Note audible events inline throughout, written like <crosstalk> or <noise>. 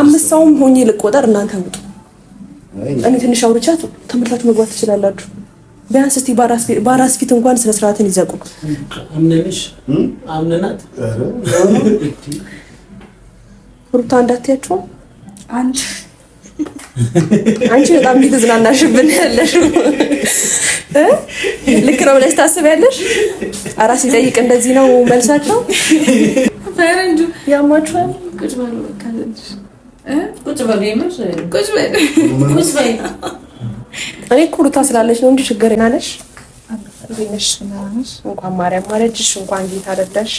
አምስት ሰውም ሆኜ ልቆጠር፣ እናንተ ውጡ። እኔ ትንሽ አውርቻት ተመልሳችሁ መግባት ትችላላችሁ። ቢያንስ እስቲ በአራስ ፊት እንኳን ስነ ስርዓትን ይዘቁ። አምነንሽ አምነናት ሩታ እንዳትያቸው። አንቺ አንቺ በጣም እየተዝናናሽብን ያለሽ ልክ ነው ብለሽ ታስቢያለሽ። አራስ ጠይቅ እንደዚህ ነው መልሳቸው። ያማችኋል ቁጭ በሉ በቃ ቁጭ በሉ ቁጭ በሉ እኔ እኮ ሩታ ስላለች ነው እንጂ ችግር ናለሽ። እንኳን ማርያም ማረችሽ፣ እንኳን ጌታ ረዳሽ።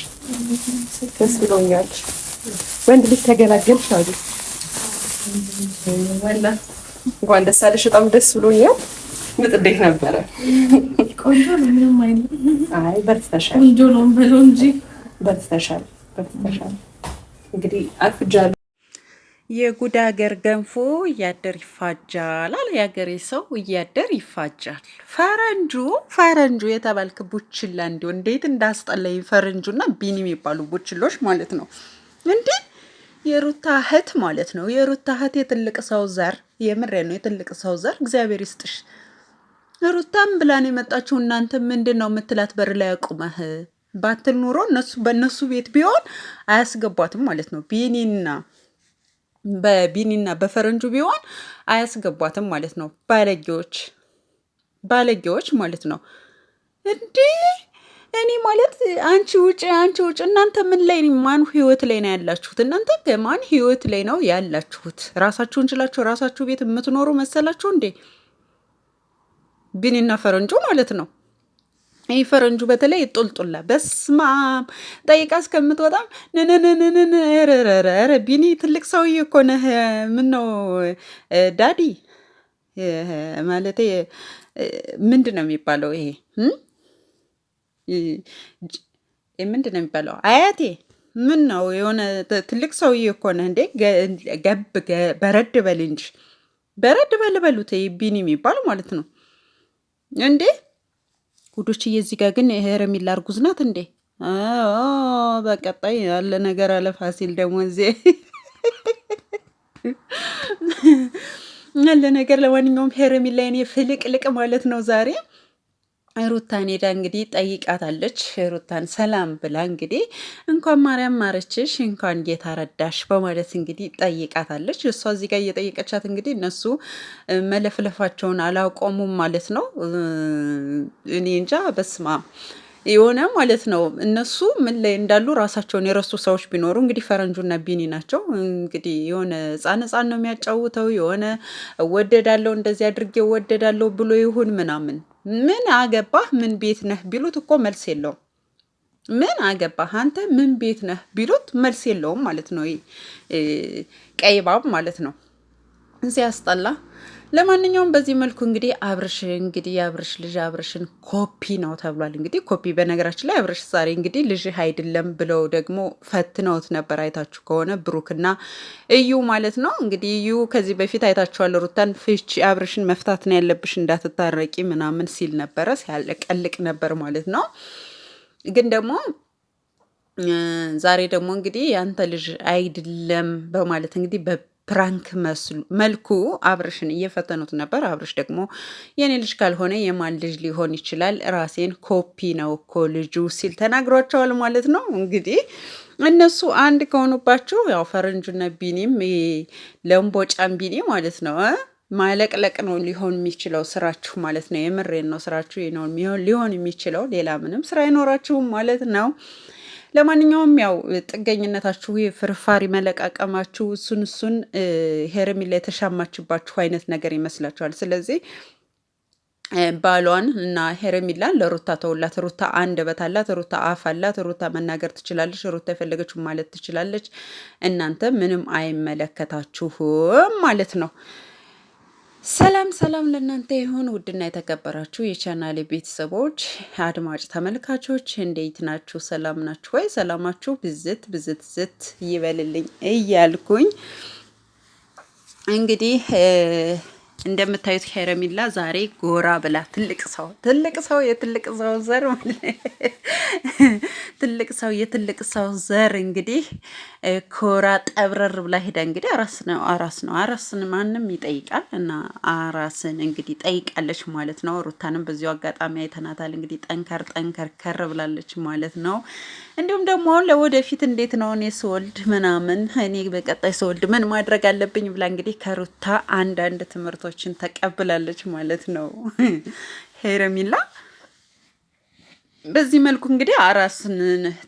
ደስ ብሎኛል። ወንድ ልጅ ተገላገልሽ አሉ። እንኳን ደስ አለሽ። በጣም ደስ ብሎኛል። ምጥ እንዴት ነበረ? ቆንጆ ነው። ምንም አይልም። አይ በርትተሻል። ቆንጆ ነው በለው እንጂ በርትተሻል፣ በርትተሻል እንግዲህ አርፍጃለሁ። የጉድ ሀገር ገንፎ እያደር ይፋጃል አለ የሀገሬ ሰው። እያደር ይፋጃል። ፈረንጁ ፈረንጁ የተባልክ ቡችላ እንዲሁ እንዴት እንዳስጠላኝ ፈረንጁ እና ቢኒ የሚባሉ ቡችሎች ማለት ነው። እንዲህ የሩታ እህት ማለት ነው። የሩታ እህት የትልቅ ሰው ዘር፣ የምሬ ነው። የትልቅ ሰው ዘር እግዚአብሔር ይስጥሽ። ሩታም ብላን የመጣችው እናንተ ምንድን ነው የምትላት በር ላይ አቁመህ ባትል ኑሮ እነሱ በእነሱ ቤት ቢሆን አያስገቧትም ማለት ነው። ቢኒና በቢኒና በፈረንጁ ቢሆን አያስገቧትም ማለት ነው። ባለጌዎች ባለጌዎች ማለት ነው። እንዲህ እኔ ማለት አንቺ ውጭ አንቺ ውጭ። እናንተ ምን ላይ ማን ህይወት ላይ ነው ያላችሁት? እናንተ ከማን ህይወት ላይ ነው ያላችሁት? ራሳችሁን ችላችሁ ራሳችሁ ቤት የምትኖሩ መሰላችሁ እንዴ? ቢኒና ፈረንጁ ማለት ነው። ይህ ፈረንጁ በተለይ ጦልጦላ በስማም ጠይቃ እስከምትወጣም ንንንንን ረረረ ቢኒ ትልቅ ሰውዬ እኮ ነህ። ምን ነው ዳዲ ማለቴ ምንድን ነው የሚባለው? ይሄ ምንድን ነው የሚባለው? አያቴ ምን ነው የሆነ ትልቅ ሰውዬ እኮ ነህ እንዴ! ገብ በረድ በል እንጂ በረድ በል በሉት ቢኒ የሚባል ማለት ነው እንዴ ጉዶች እየዚህ ጋር ግን ሄረሚላ እርጉዝ ናት እንዴ? በቀጣይ ያለ ነገር አለ። ፋሲል ደግሞ እዚህ ያለ ነገር። ለማንኛውም ሄረሚላ የኔ ፍልቅልቅ ማለት ነው ዛሬ ሩታን ሄዳ እንግዲህ ጠይቃታለች። ሩታን ሰላም ብላ እንግዲህ እንኳን ማርያም ማረችሽ እንኳን ጌታ ረዳሽ በማለት እንግዲህ ጠይቃታለች። እሷ እዚህ ጋር እየጠየቀቻት እንግዲህ እነሱ መለፍለፋቸውን አላቆሙም ማለት ነው። እኔ እንጃ በስማ የሆነ ማለት ነው። እነሱ ምን ላይ እንዳሉ ራሳቸውን የረሱ ሰዎች ቢኖሩ እንግዲህ ፈረንጁና ቢኒ ናቸው። እንግዲህ የሆነ ህጻን ህጻን ነው የሚያጫውተው የሆነ እወደዳለሁ እንደዚህ አድርጌ እወደዳለሁ ብሎ ይሁን ምናምን ምን አገባህ ምን ቤት ነህ ቢሉት እኮ መልስ የለውም። ምን አገባህ አንተ ምን ቤት ነህ ቢሉት መልስ የለውም ማለት ነው። ቀይ ባብ ማለት ነው። ሲያስጠላ ለማንኛውም በዚህ መልኩ እንግዲህ አብርሽ እንግዲህ የአብርሽ ልጅ አብርሽን ኮፒ ነው ተብሏል። እንግዲህ ኮፒ በነገራችን ላይ አብርሽ ዛሬ እንግዲህ ልጅ አይደለም ብለው ደግሞ ፈትነውት ነበር። አይታችሁ ከሆነ ብሩክና እዩ ማለት ነው። እንግዲህ እዩ ከዚህ በፊት አይታችኋል። ሩታን ፍቺ አብርሽን መፍታት ነው ያለብሽ እንዳትታረቂ ምናምን ሲል ነበረ፣ ሲያለቀልቅ ነበር ማለት ነው። ግን ደግሞ ዛሬ ደግሞ እንግዲህ ያንተ ልጅ አይደለም በማለት እንግዲህ ፕራንክ መልኩ አብርሽን እየፈተኑት ነበር። አብርሽ ደግሞ የኔ ልጅ ካልሆነ የማን ልጅ ሊሆን ይችላል? ራሴን ኮፒ ነው እኮ ልጁ ሲል ተናግሯቸዋል ማለት ነው። እንግዲህ እነሱ አንድ ከሆኑባቸው ያው ፈረንጁና ቢኒም ለምቦጫን ቢኒ ማለት ነው ማለቅለቅ ነው ሊሆን የሚችለው ስራችሁ ማለት ነው። የምሬን ነው። ስራችሁ ነው ሊሆን የሚችለው ሌላ ምንም ስራ አይኖራችሁም ማለት ነው። ለማንኛውም ያው ጥገኝነታችሁ ፍርፋሪ መለቃቀማችሁ እሱን እሱን ሄርሜላ የተሻማችባችሁ አይነት ነገር ይመስላችኋል። ስለዚህ ባሏን እና ሄርሜላን ለሩታ ተውላት። ሩታ አንድ በት አላት፣ ሩታ አፍ አላት፣ ሩታ መናገር ትችላለች፣ ሩታ የፈለገችው ማለት ትችላለች። እናንተ ምንም አይመለከታችሁም ማለት ነው። ሰላም ሰላም ለእናንተ ይሁን ውድና የተከበራችሁ የቻናል ቤተሰቦች አድማጭ ተመልካቾች እንዴት ናችሁ? ሰላም ናችሁ ወይ? ሰላማችሁ ብዝት ብዝት ዝት ይበልልኝ እያልኩኝ እንግዲህ እንደምታዩት ሄረሚላ ዛሬ ጎራ ብላ ትልቅ ሰው ትልቅ ሰው የትልቅ ሰው ዘር ትልቅ ሰው የትልቅ ሰው ዘር እንግዲህ ኮራ ጠብረር ብላ ሄዳ እንግዲህ አራስ ነው አራስ ነው አራስን ማንም ይጠይቃል እና አራስን እንግዲህ ጠይቃለች ማለት ነው። ሩታንም በዚሁ አጋጣሚ አይተናታል እንግዲህ ጠንከር ጠንከር ከር ብላለች ማለት ነው። እንዲሁም ደግሞ አሁን ለወደፊት እንዴት ነው እኔ ስወልድ ምናምን እኔ በቀጣይ ስወልድ ምን ማድረግ አለብኝ ብላ እንግዲህ ከሩታ አንዳንድ ትምህርቶችን ተቀብላለች ማለት ነው <laughs> ሄረሚላ። በዚህ መልኩ እንግዲህ አራስን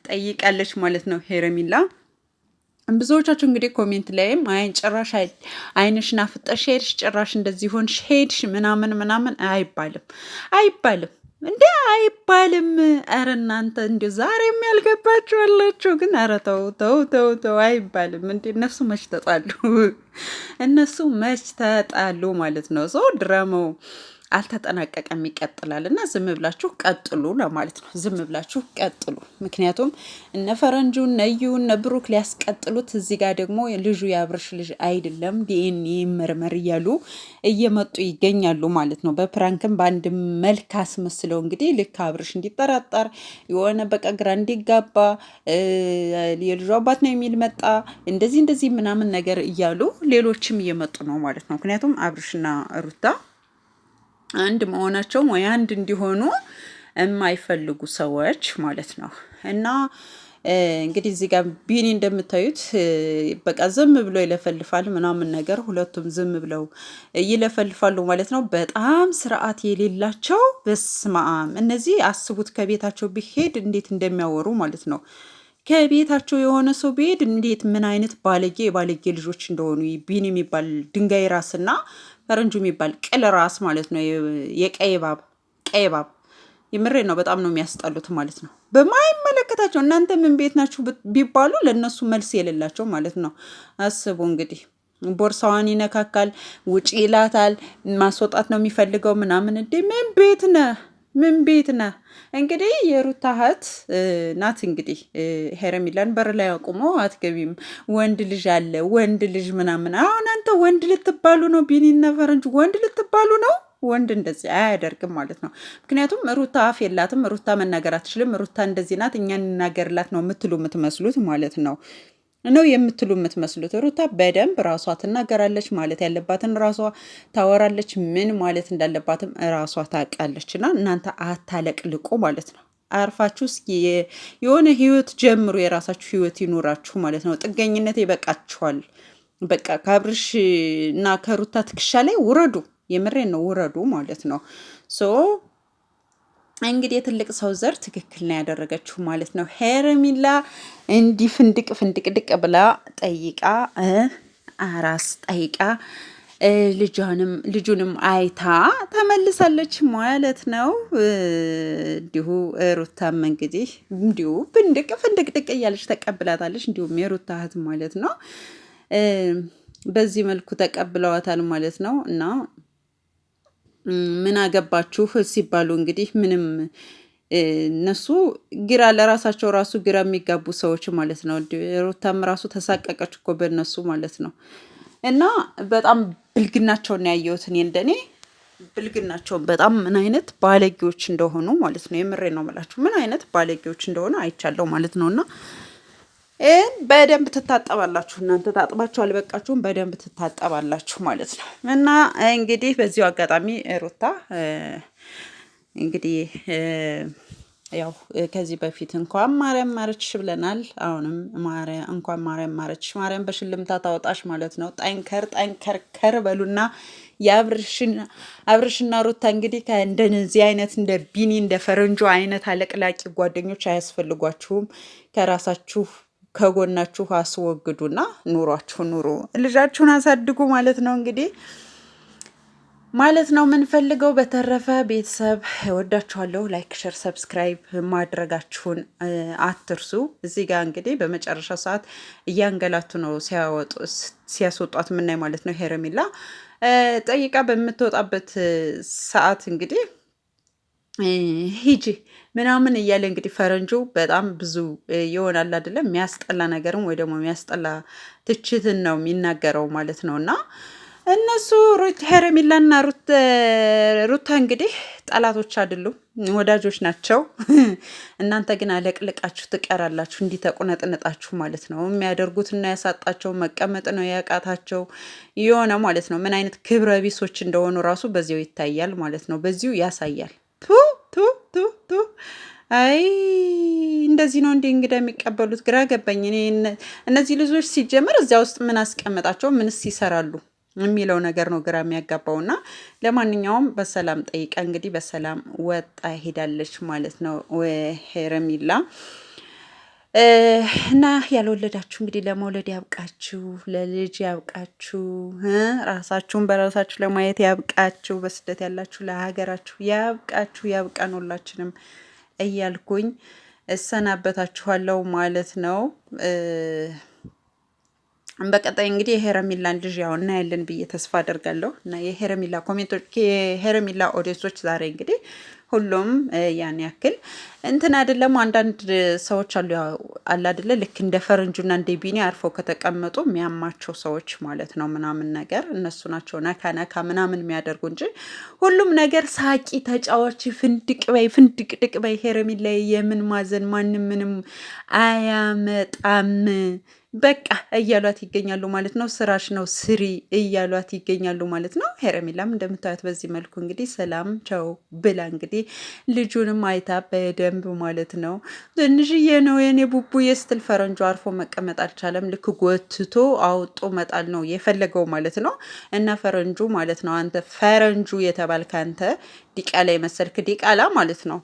ጠይቃለች ማለት ነው ሄረሚላ። ብዙዎቻችሁ እንግዲህ ኮሜንት ላይም አይን ጭራሽ አይንሽን አፍጠሽ ሄድሽ፣ ጭራሽ እንደዚህ ሆንሽ ሄድሽ ምናምን ምናምን አይባልም አይባልም። እንዴ አይባልም። ኧረ እናንተ እንዲ ዛሬ ያልገባችሁ አላችሁ፣ ግን ኧረ ተው ተው ተው ተው አይባልም። እንዲ እነሱ መች ተጣሉ፣ እነሱ መች ተጣሉ ማለት ነው ሰው ድራማው አልተጠናቀቀም ይቀጥላል እና ዝም ብላችሁ ቀጥሉ ለማለት ነው። ዝም ብላችሁ ቀጥሉ። ምክንያቱም እነ ፈረንጁ ነዩ እነ ብሩክ ሊያስቀጥሉት እዚህ ጋር ደግሞ ልጁ የአብርሽ ልጅ አይደለም ዲኤንኤ ይመርመር እያሉ እየመጡ ይገኛሉ ማለት ነው። በፕራንክም በአንድ መልክ አስመስለው እንግዲህ ልክ አብርሽ እንዲጠራጠር የሆነ በቃ ግራ እንዲጋባ የልጁ አባት ነው የሚል መጣ እንደዚህ እንደዚህ ምናምን ነገር እያሉ ሌሎችም እየመጡ ነው ማለት ነው። ምክንያቱም አብርሽና ሩታ አንድ መሆናቸው ወይ አንድ እንዲሆኑ የማይፈልጉ ሰዎች ማለት ነው እና እንግዲህ እዚህ ጋር ቢኒ እንደምታዩት በቃ ዝም ብሎ ይለፈልፋል ምናምን ነገር፣ ሁለቱም ዝም ብለው ይለፈልፋሉ ማለት ነው። በጣም ስርዓት የሌላቸው በስማም። እነዚህ አስቡት ከቤታቸው ቢሄድ እንዴት እንደሚያወሩ ማለት ነው። ከቤታቸው የሆነ ሰው ቢሄድ እንዴት ምን አይነት ባለጌ የባለጌ ልጆች እንደሆኑ ቢን የሚባል ድንጋይ ራስና ፈረንጁ የሚባል ቅል ራስ ማለት ነው። የቀይ እባብ ቀይ እባብ የምሬ ነው። በጣም ነው የሚያስጠሉት ማለት ነው። በማይመለከታቸው እናንተ ምን ቤት ናችሁ ቢባሉ ለእነሱ መልስ የሌላቸው ማለት ነው። አስቡ እንግዲህ ቦርሳዋን ይነካካል፣ ውጪ ይላታል፣ ማስወጣት ነው የሚፈልገው ምናምን። እንዴ ምን ቤት ነህ? ምን ቤት ነህ? እንግዲህ የሩታ እህት ናት። እንግዲህ ሄረሚላን በር ላይ አቁሞ አትገቢም፣ ወንድ ልጅ አለ ወንድ ልጅ ምናምን። አሁን አንተ ወንድ ልትባሉ ነው? ቢኒና ፈረንጅ ወንድ ልትባሉ ነው? ወንድ እንደዚህ አያደርግም ማለት ነው። ምክንያቱም ሩታ አፍ የላትም፣ ሩታ መናገር አትችልም፣ ሩታ እንደዚህ ናት፣ እኛ እንናገርላት ነው የምትሉ የምትመስሉት ማለት ነው። ነው የምትሉ የምትመስሉት። ሩታ በደንብ ራሷ ትናገራለች። ማለት ያለባትን ራሷ ታወራለች። ምን ማለት እንዳለባትም ራሷ ታውቃለች። እና እናንተ አታለቅልቁ ማለት ነው። አርፋችሁ እስኪ የሆነ ህይወት ጀምሩ። የራሳችሁ ህይወት ይኖራችሁ ማለት ነው። ጥገኝነት ይበቃችኋል። በቃ ከአብርሽ እና ከሩታ ትከሻ ላይ ውረዱ። የምሬን ነው፣ ውረዱ ማለት ነው ሶ እንግዲህ የትልቅ ሰው ዘር ትክክል ነው ያደረገችው ማለት ነው። ሄርሚላ እንዲህ ፍንድቅ ፍንድቅ ድቅ ብላ ጠይቃ አራስ ጠይቃ ልጇንም ልጁንም አይታ ተመልሳለች ማለት ነው። እንዲሁ ሩታም እንግዲህ እንዲሁ ፍንድቅ ፍንድቅ ድቅ እያለች ተቀብላታለች። እንዲሁም የሩታ እህት ማለት ነው በዚህ መልኩ ተቀብለዋታል ማለት ነው እና ምን አገባችሁ ሲባሉ እንግዲህ ምንም እነሱ ግራ ለራሳቸው ራሱ ግራ የሚጋቡ ሰዎች ማለት ነው። ሩታም ራሱ ተሳቀቀች እኮ በእነሱ ማለት ነው። እና በጣም ብልግናቸውን ያየሁት እኔ እንደኔ ብልግናቸውን በጣም ምን አይነት ባለጌዎች እንደሆኑ ማለት ነው። የምሬ ነው የምላችሁ ምን አይነት ባለጌዎች እንደሆኑ አይቻለሁ ማለት ነው እና ይህን በደንብ ትታጠባላችሁ። እናንተ ታጥባችሁ አልበቃችሁም፣ በደንብ ትታጠባላችሁ ማለት ነው። እና እንግዲህ በዚሁ አጋጣሚ ሩታ እንግዲህ ያው ከዚህ በፊት እንኳን ማርያም ማረችሽ ብለናል። አሁንም እንኳን ማርያም ማረችሽ፣ ማርያም በሽልምታ ታወጣሽ ማለት ነው። ጠንከር ጠንከር በሉና የአብርሽና ሩታ እንግዲህ ከእንደነዚህ አይነት እንደ ቢኒ እንደ ፈረንጆ አይነት አለቅላቂ ጓደኞች አያስፈልጓችሁም ከራሳችሁ ከጎናችሁ አስወግዱና ኑሯችሁ ኑሩ፣ ልጃችሁን አሳድጉ ማለት ነው እንግዲህ ማለት ነው የምንፈልገው። በተረፈ ቤተሰብ ወዳችኋለሁ። ላይክ፣ ሸር፣ ሰብስክራይብ ማድረጋችሁን አትርሱ። እዚህ ጋር እንግዲህ በመጨረሻ ሰዓት እያንገላቱ ነው ሲያስወጧት የምናይ ማለት ነው። ሄረሚላ ጠይቃ በምትወጣበት ሰዓት እንግዲህ ሂጂ ምናምን እያለ እንግዲህ ፈረንጆ በጣም ብዙ ይሆናል አይደለም፣ የሚያስጠላ ነገርም ወይ ደግሞ የሚያስጠላ ትችትን ነው የሚናገረው ማለት ነው። እና እነሱ ሄረሚላና ሩታ እንግዲህ ጠላቶች አይደሉም፣ ወዳጆች ናቸው። <laughs> እናንተ ግን አለቅልቃችሁ ትቀራላችሁ፣ እንዲህ ተቁነጥንጣችሁ ማለት ነው። የሚያደርጉትና ያሳጣቸው መቀመጥ ነው ያቃታቸው የሆነ ማለት ነው። ምን አይነት ክብረ ቢሶች እንደሆኑ ራሱ በዚያው ይታያል ማለት ነው፣ በዚሁ ያሳያል። ቱ ቱ ቱ ቱ አይ እንደዚህ ነው እንዴ እንግዳ የሚቀበሉት? ግራ ገባኝ። እኔ እነዚህ ልጆች ሲጀመር እዚያ ውስጥ ምን አስቀምጣቸው፣ ምንስ ይሰራሉ የሚለው ነገር ነው ግራ የሚያጋባው። እና ለማንኛውም በሰላም ጠይቃ እንግዲህ በሰላም ወጣ ሄዳለች ማለት ነው ሄረሚላ። እና ያልወለዳችሁ እንግዲህ ለመውለድ ያብቃችሁ፣ ለልጅ ያብቃችሁ፣ ራሳችሁን በራሳችሁ ለማየት ያብቃችሁ፣ በስደት ያላችሁ ለሀገራችሁ ያብቃችሁ፣ ያብቃን ሁላችንም እያልኩኝ እሰናበታችኋለሁ ማለት ነው። በቀጣይ እንግዲህ የሄረሚላን ልጅ ያው እናያለን ብዬ ተስፋ አደርጋለሁ እና የሄረሚላ ኮሜንቶች የሄረሚላ ኦዲየንሶች ዛሬ እንግዲህ ሁሉም ያን ያክል እንትን አይደለም። አንዳንድ ሰዎች አሉ አለ አደለ፣ ልክ እንደ ፈረንጁና እንደ ቢኒ አርፈው ከተቀመጡ የሚያማቸው ሰዎች ማለት ነው ምናምን ነገር እነሱ ናቸው ነካ ነካ ምናምን የሚያደርጉ እንጂ ሁሉም ነገር ሳቂ፣ ተጫዋች፣ ፍንድቅ በይ ፍንድቅ ድቅ በይ ሄረሚን ላይ የምን ማዘን ማንም ምንም አያመጣም። በቃ እያሏት ይገኛሉ ማለት ነው። ስራሽ ነው ስሪ እያሏት ይገኛሉ ማለት ነው። ሄረሚላም እንደምታዩት በዚህ መልኩ እንግዲህ ሰላም ቸው ብላ እንግዲህ ልጁንም አይታ በደንብ ማለት ነው ትንሽዬ ነው የኔ ቡቡዬ ስትል ፈረንጁ አርፎ መቀመጥ አልቻለም። ልክ ጎትቶ አውጦ መጣል ነው የፈለገው ማለት ነው። እና ፈረንጁ ማለት ነው አንተ ፈረንጁ የተባልከ አንተ ዲቃላ የመሰልክ ዲቃላ ማለት ነው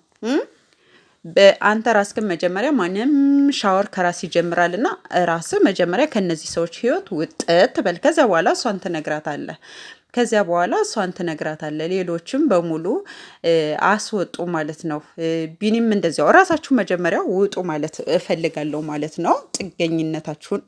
በአንተ ራስክን መጀመሪያ ማንም ሻወር ከራስ ይጀምራል እና ራስ መጀመሪያ ከነዚህ ሰዎች ህይወት ውጥት በል። ከዚያ በኋላ እሷን ትነግራታለህ። ከዚያ በኋላ እሷን ትነግራታለህ። ሌሎችም በሙሉ አስወጡ ማለት ነው። ቢኒም እንደዚያው ራሳችሁ መጀመሪያ ውጡ ማለት እፈልጋለሁ ማለት ነው። ጥገኝነታችሁን